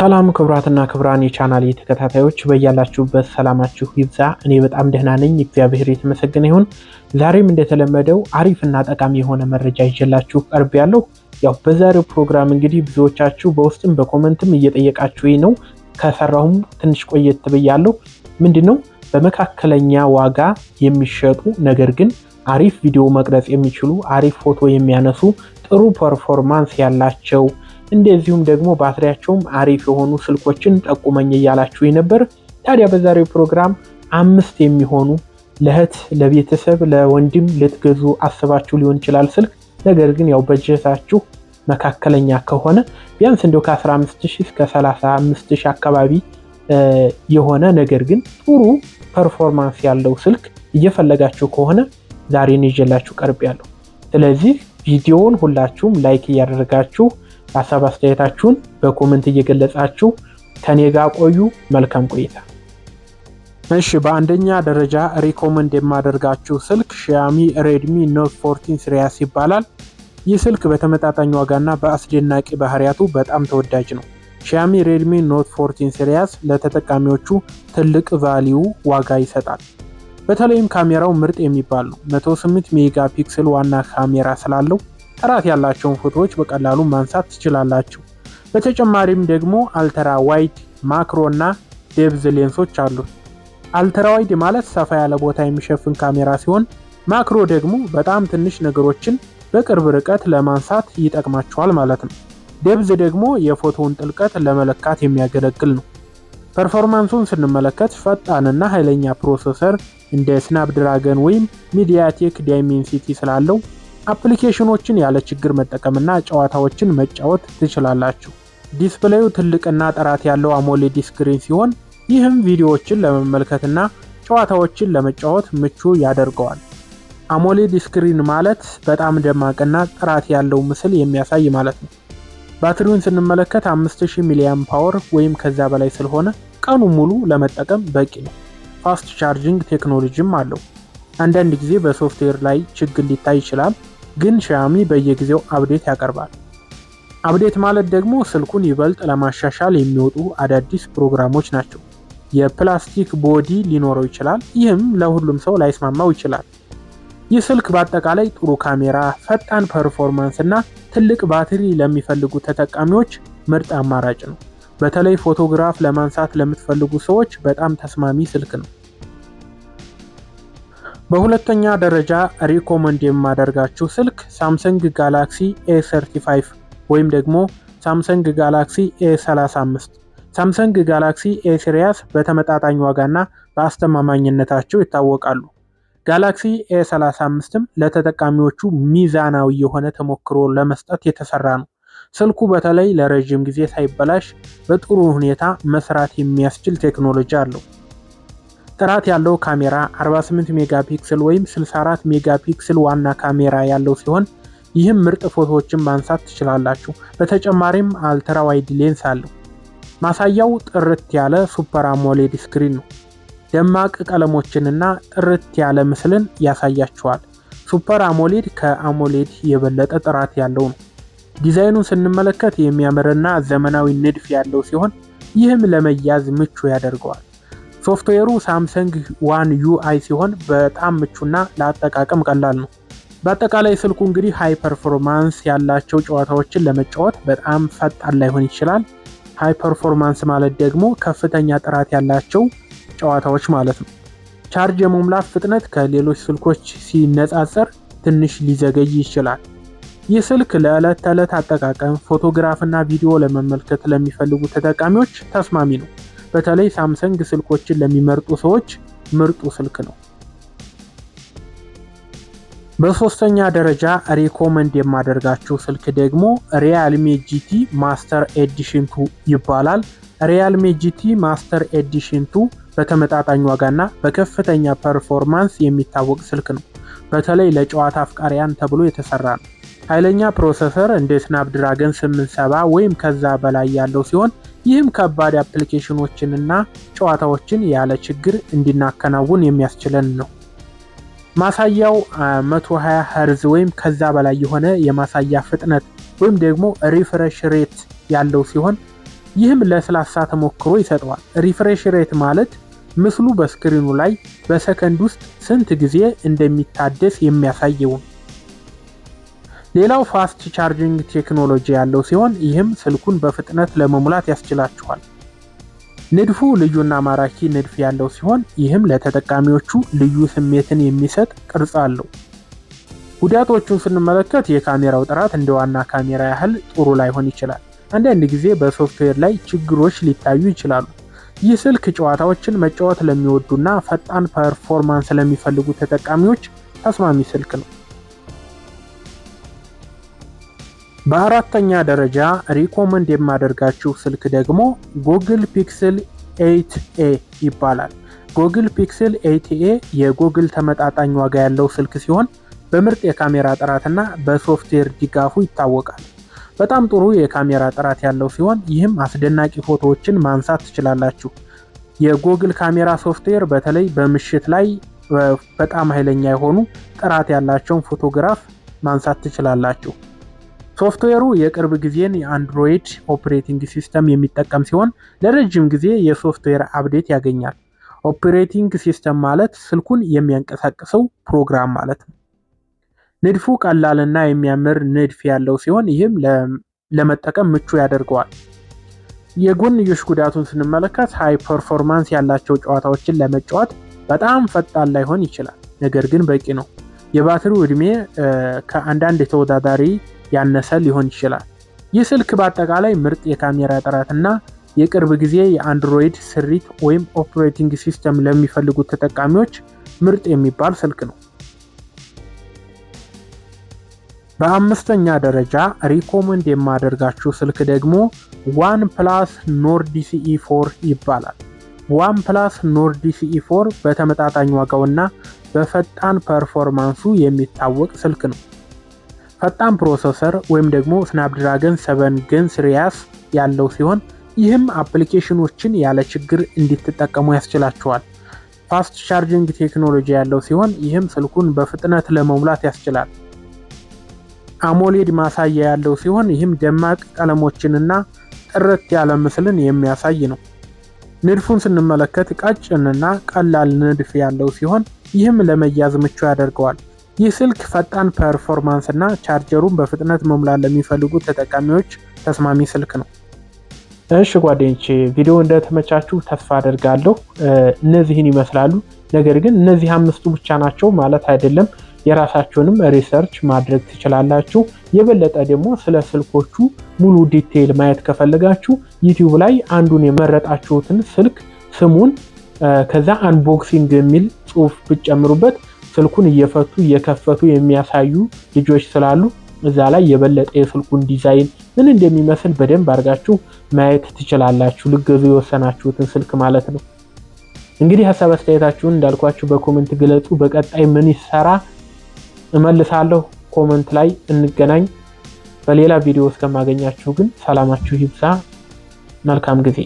ሰላም ክቡራትና ክቡራን የቻናል ተከታታዮች በያላችሁበት ሰላማችሁ ይብዛ። እኔ በጣም ደህና ነኝ፣ እግዚአብሔር የተመሰገነ ይሁን። ዛሬም እንደተለመደው አሪፍና ጠቃሚ የሆነ መረጃ ይዤላችሁ ቀርብ ያለሁ። ያው በዛሬው ፕሮግራም እንግዲህ ብዙዎቻችሁ በውስጥም በኮመንትም እየጠየቃችሁ ነው፣ ከሰራሁም ትንሽ ቆየት ብያለሁ። ምንድን ነው በመካከለኛ ዋጋ የሚሸጡ ነገር ግን አሪፍ ቪዲዮ መቅረጽ የሚችሉ አሪፍ ፎቶ የሚያነሱ ጥሩ ፐርፎርማንስ ያላቸው እንደዚሁም ደግሞ ባትሪያቸውም አሪፍ የሆኑ ስልኮችን ጠቁመኝ እያላችሁ ነበር። ታዲያ በዛሬው ፕሮግራም አምስት የሚሆኑ ለእህት፣ ለቤተሰብ፣ ለወንድም ልትገዙ አስባችሁ ሊሆን ይችላል ስልክ ነገር ግን ያው በጀታችሁ መካከለኛ ከሆነ ቢያንስ እንዲ ከ 15 እስከ 35 አካባቢ የሆነ ነገር ግን ጥሩ ፐርፎርማንስ ያለው ስልክ እየፈለጋችሁ ከሆነ ዛሬን ይዤላችሁ ቀርብ ያለው። ስለዚህ ቪዲዮውን ሁላችሁም ላይክ እያደረጋችሁ ሀሳብ አስተያየታችሁን በኮመንት እየገለጻችሁ ከኔ ጋር ቆዩ። መልካም ቆይታ። እሺ፣ በአንደኛ ደረጃ ሪኮመንድ የማደርጋችሁ ስልክ ሻሚ ሬድሚ ኖት 14 ሲሪያስ ይባላል። ይህ ስልክ በተመጣጣኝ ዋጋና በአስደናቂ ባህሪያቱ በጣም ተወዳጅ ነው። ሻያሚ ሬድሚ ኖት 14 ሲሪያስ ለተጠቃሚዎቹ ትልቅ ቫሊዩ ዋጋ ይሰጣል። በተለይም ካሜራው ምርጥ የሚባል ነው። 108 ሜጋ ፒክስል ዋና ካሜራ ስላለው ጥራት ያላቸውን ፎቶዎች በቀላሉ ማንሳት ትችላላችሁ። በተጨማሪም ደግሞ አልተራ ዋይድ፣ ማክሮ እና ዴብዝ ሌንሶች አሉ። አልተራ ዋይድ ማለት ሰፋ ያለ ቦታ የሚሸፍን ካሜራ ሲሆን ማክሮ ደግሞ በጣም ትንሽ ነገሮችን በቅርብ ርቀት ለማንሳት ይጠቅማቸዋል ማለት ነው። ዴብዝ ደግሞ የፎቶውን ጥልቀት ለመለካት የሚያገለግል ነው። ፐርፎርማንሱን ስንመለከት ፈጣንና ኃይለኛ ፕሮሰሰር እንደ ስናፕድራገን ወይም ሚዲያቴክ ዳይሜንሲቲ ስላለው አፕሊኬሽኖችን ያለ ችግር መጠቀምና ጨዋታዎችን መጫወት ትችላላችሁ። ዲስፕሌዩ ትልቅና ጥራት ያለው አሞሌድ ስክሪን ሲሆን ይህም ቪዲዮዎችን ለመመልከትና ጨዋታዎችን ለመጫወት ምቹ ያደርገዋል። አሞሌድ ስክሪን ማለት በጣም ደማቅና ጥራት ያለው ምስል የሚያሳይ ማለት ነው። ባትሪውን ስንመለከት 5000 ሚሊያም ፓወር ወይም ከዛ በላይ ስለሆነ ቀኑ ሙሉ ለመጠቀም በቂ ነው። ፋስት ቻርጂንግ ቴክኖሎጂም አለው። አንዳንድ ጊዜ በሶፍትዌር ላይ ችግር ሊታይ ይችላል። ግን ሻያሚ በየጊዜው አብዴት ያቀርባል። አብዴት ማለት ደግሞ ስልኩን ይበልጥ ለማሻሻል የሚወጡ አዳዲስ ፕሮግራሞች ናቸው። የፕላስቲክ ቦዲ ሊኖረው ይችላል። ይህም ለሁሉም ሰው ላይስማማው ይችላል። ይህ ስልክ በአጠቃላይ ጥሩ ካሜራ፣ ፈጣን ፐርፎርማንስ እና ትልቅ ባትሪ ለሚፈልጉ ተጠቃሚዎች ምርጥ አማራጭ ነው። በተለይ ፎቶግራፍ ለማንሳት ለምትፈልጉ ሰዎች በጣም ተስማሚ ስልክ ነው። በሁለተኛ ደረጃ ሪኮመንድ የማደርጋችሁ ስልክ ሳምሰንግ ጋላክሲ ኤ 35 ወይም ደግሞ ሳምሰንግ ጋላክሲ ኤ 35። ሳምሰንግ ጋላክሲ ኤ ሲሪያስ በተመጣጣኝ ዋጋና በአስተማማኝነታቸው ይታወቃሉ። ጋላክሲ ኤ 35ም ለተጠቃሚዎቹ ሚዛናዊ የሆነ ተሞክሮ ለመስጠት የተሰራ ነው። ስልኩ በተለይ ለረዥም ጊዜ ሳይበላሽ በጥሩ ሁኔታ መስራት የሚያስችል ቴክኖሎጂ አለው። ጥራት ያለው ካሜራ 48 ሜጋ ፒክስል ወይም 64 ሜጋ ፒክስል ዋና ካሜራ ያለው ሲሆን ይህም ምርጥ ፎቶዎችን ማንሳት ትችላላችሁ። በተጨማሪም አልትራ ዋይድ ሌንስ አለው። ማሳያው ጥርት ያለ ሱፐር አሞሌድ ስክሪን ነው። ደማቅ ቀለሞችንና ጥርት ያለ ምስልን ያሳያችኋል። ሱፐር አሞሌድ ከአሞሌድ የበለጠ ጥራት ያለው ነው። ዲዛይኑን ስንመለከት የሚያምርና ዘመናዊ ንድፍ ያለው ሲሆን ይህም ለመያዝ ምቹ ያደርገዋል። ሶፍትዌሩ ሳምሰንግ ዋን ዩአይ ሲሆን በጣም ምቹና ለአጠቃቀም ቀላል ነው። በአጠቃላይ ስልኩ እንግዲህ ሃይ ፐርፎርማንስ ያላቸው ጨዋታዎችን ለመጫወት በጣም ፈጣን ላይሆን ይችላል። ሃይ ፐርፎርማንስ ማለት ደግሞ ከፍተኛ ጥራት ያላቸው ጨዋታዎች ማለት ነው። ቻርጅ የመሙላት ፍጥነት ከሌሎች ስልኮች ሲነጻጸር ትንሽ ሊዘገይ ይችላል። ይህ ስልክ ለዕለት ተዕለት አጠቃቀም ፎቶግራፍና ቪዲዮ ለመመልከት ለሚፈልጉ ተጠቃሚዎች ተስማሚ ነው። በተለይ ሳምሰንግ ስልኮችን ለሚመርጡ ሰዎች ምርጡ ስልክ ነው። በሶስተኛ ደረጃ ሪኮመንድ የማደርጋቸው ስልክ ደግሞ ሪያልሚ ጂቲ ማስተር ኤዲሽን ቱ ይባላል። ሪያልሚ ጂቲ ማስተር ኤዲሽን ቱ በተመጣጣኝ ዋጋና በከፍተኛ ፐርፎርማንስ የሚታወቅ ስልክ ነው። በተለይ ለጨዋታ አፍቃሪያን ተብሎ የተሰራ ነው። ኃይለኛ ፕሮሰሰር እንደ ስናፕድራገን 870 ወይም ከዛ በላይ ያለው ሲሆን ይህም ከባድ አፕሊኬሽኖችንና ጨዋታዎችን ያለ ችግር እንድናከናውን የሚያስችለን ነው። ማሳያው 120 ሄርዝ ወይም ከዛ በላይ የሆነ የማሳያ ፍጥነት ወይም ደግሞ ሪፍሬሽ ሬት ያለው ሲሆን ይህም ለስላሳ ተሞክሮ ይሰጠዋል። ሪፍሬሽ ሬት ማለት ምስሉ በስክሪኑ ላይ በሰከንድ ውስጥ ስንት ጊዜ እንደሚታደስ የሚያሳየው ሌላው ፋስት ቻርጂንግ ቴክኖሎጂ ያለው ሲሆን ይህም ስልኩን በፍጥነት ለመሙላት ያስችላችኋል። ንድፉ ልዩና ማራኪ ንድፍ ያለው ሲሆን ይህም ለተጠቃሚዎቹ ልዩ ስሜትን የሚሰጥ ቅርጽ አለው። ጉዳቶቹን ስንመለከት የካሜራው ጥራት እንደ ዋና ካሜራ ያህል ጥሩ ላይሆን ይችላል። አንዳንድ ጊዜ በሶፍትዌር ላይ ችግሮች ሊታዩ ይችላሉ። ይህ ስልክ ጨዋታዎችን መጫወት ለሚወዱና ፈጣን ፐርፎርማንስ ለሚፈልጉ ተጠቃሚዎች ተስማሚ ስልክ ነው። በአራተኛ ደረጃ ሪኮመንድ የማደርጋችሁ ስልክ ደግሞ ጉግል ፒክስል ኤይት ኤ ይባላል። ጉግል ፒክስል ኤይት ኤ የጉግል ተመጣጣኝ ዋጋ ያለው ስልክ ሲሆን በምርጥ የካሜራ ጥራትና በሶፍትዌር ድጋፉ ይታወቃል። በጣም ጥሩ የካሜራ ጥራት ያለው ሲሆን ይህም አስደናቂ ፎቶዎችን ማንሳት ትችላላችሁ። የጉግል ካሜራ ሶፍትዌር በተለይ በምሽት ላይ በጣም ኃይለኛ የሆኑ ጥራት ያላቸውን ፎቶግራፍ ማንሳት ትችላላችሁ። ሶፍትዌሩ የቅርብ ጊዜን የአንድሮይድ ኦፕሬቲንግ ሲስተም የሚጠቀም ሲሆን ለረጅም ጊዜ የሶፍትዌር አፕዴት ያገኛል። ኦፕሬቲንግ ሲስተም ማለት ስልኩን የሚያንቀሳቅሰው ፕሮግራም ማለት ነው። ንድፉ ቀላልና የሚያምር ንድፍ ያለው ሲሆን ይህም ለመጠቀም ምቹ ያደርገዋል። የጎንዮሽ ጉዳቱን ስንመለከት ሃይ ፐርፎርማንስ ያላቸው ጨዋታዎችን ለመጫወት በጣም ፈጣን ላይሆን ይችላል፣ ነገር ግን በቂ ነው። የባትሪው ዕድሜ ከአንዳንድ የተወዳዳሪ ያነሰ ሊሆን ይችላል። ይህ ስልክ በአጠቃላይ ምርጥ የካሜራ ጥራትና የቅርብ ጊዜ የአንድሮይድ ስሪት ወይም ኦፕሬቲንግ ሲስተም ለሚፈልጉት ተጠቃሚዎች ምርጥ የሚባል ስልክ ነው። በአምስተኛ ደረጃ ሪኮመንድ የማደርጋችሁ ስልክ ደግሞ ዋን ፕላስ ኖርድ ሲኢ ፎር ይባላል። ዋንፕላስ ኖርድ ሲኢ 4 በተመጣጣኝ ዋጋውና በፈጣን ፐርፎርማንሱ የሚታወቅ ስልክ ነው። ፈጣን ፕሮሰሰር ወይም ደግሞ ስናፕድራገን 7 ግንስ ሪያስ ያለው ሲሆን ይህም አፕሊኬሽኖችን ያለ ችግር እንዲትጠቀሙ ያስችላቸዋል። ፋስት ቻርጅንግ ቴክኖሎጂ ያለው ሲሆን ይህም ስልኩን በፍጥነት ለመሙላት ያስችላል። አሞሌድ ማሳያ ያለው ሲሆን ይህም ደማቅ ቀለሞችንና ጥርት ያለ ምስልን የሚያሳይ ነው። ንድፉን ስንመለከት ቀጭንና ቀላል ንድፍ ያለው ሲሆን ይህም ለመያዝ ምቹ ያደርገዋል። ይህ ስልክ ፈጣን ፐርፎርማንስ እና ቻርጀሩን በፍጥነት መሙላት ለሚፈልጉ ተጠቃሚዎች ተስማሚ ስልክ ነው። እሺ ጓደኞች፣ ቪዲዮ እንደተመቻችሁ ተስፋ አደርጋለሁ። እነዚህን ይመስላሉ። ነገር ግን እነዚህ አምስቱ ብቻ ናቸው ማለት አይደለም። የራሳችሁንም ሪሰርች ማድረግ ትችላላችሁ። የበለጠ ደግሞ ስለ ስልኮቹ ሙሉ ዲቴይል ማየት ከፈለጋችሁ ዩቲዩብ ላይ አንዱን የመረጣችሁትን ስልክ ስሙን፣ ከዛ አንቦክሲንግ የሚል ጽሁፍ ብትጨምሩበት ስልኩን እየፈቱ እየከፈቱ የሚያሳዩ ልጆች ስላሉ እዛ ላይ የበለጠ የስልኩን ዲዛይን ምን እንደሚመስል በደንብ አድርጋችሁ ማየት ትችላላችሁ። ልገዙ የወሰናችሁትን ስልክ ማለት ነው። እንግዲህ ሀሳብ አስተያየታችሁን እንዳልኳችሁ በኮመንት ግለጹ። በቀጣይ ምን ይሰራ እመልሳለሁ። ኮመንት ላይ እንገናኝ። በሌላ ቪዲዮ እስከማገኛችሁ ግን ሰላማችሁ ይብዛ። መልካም ጊዜ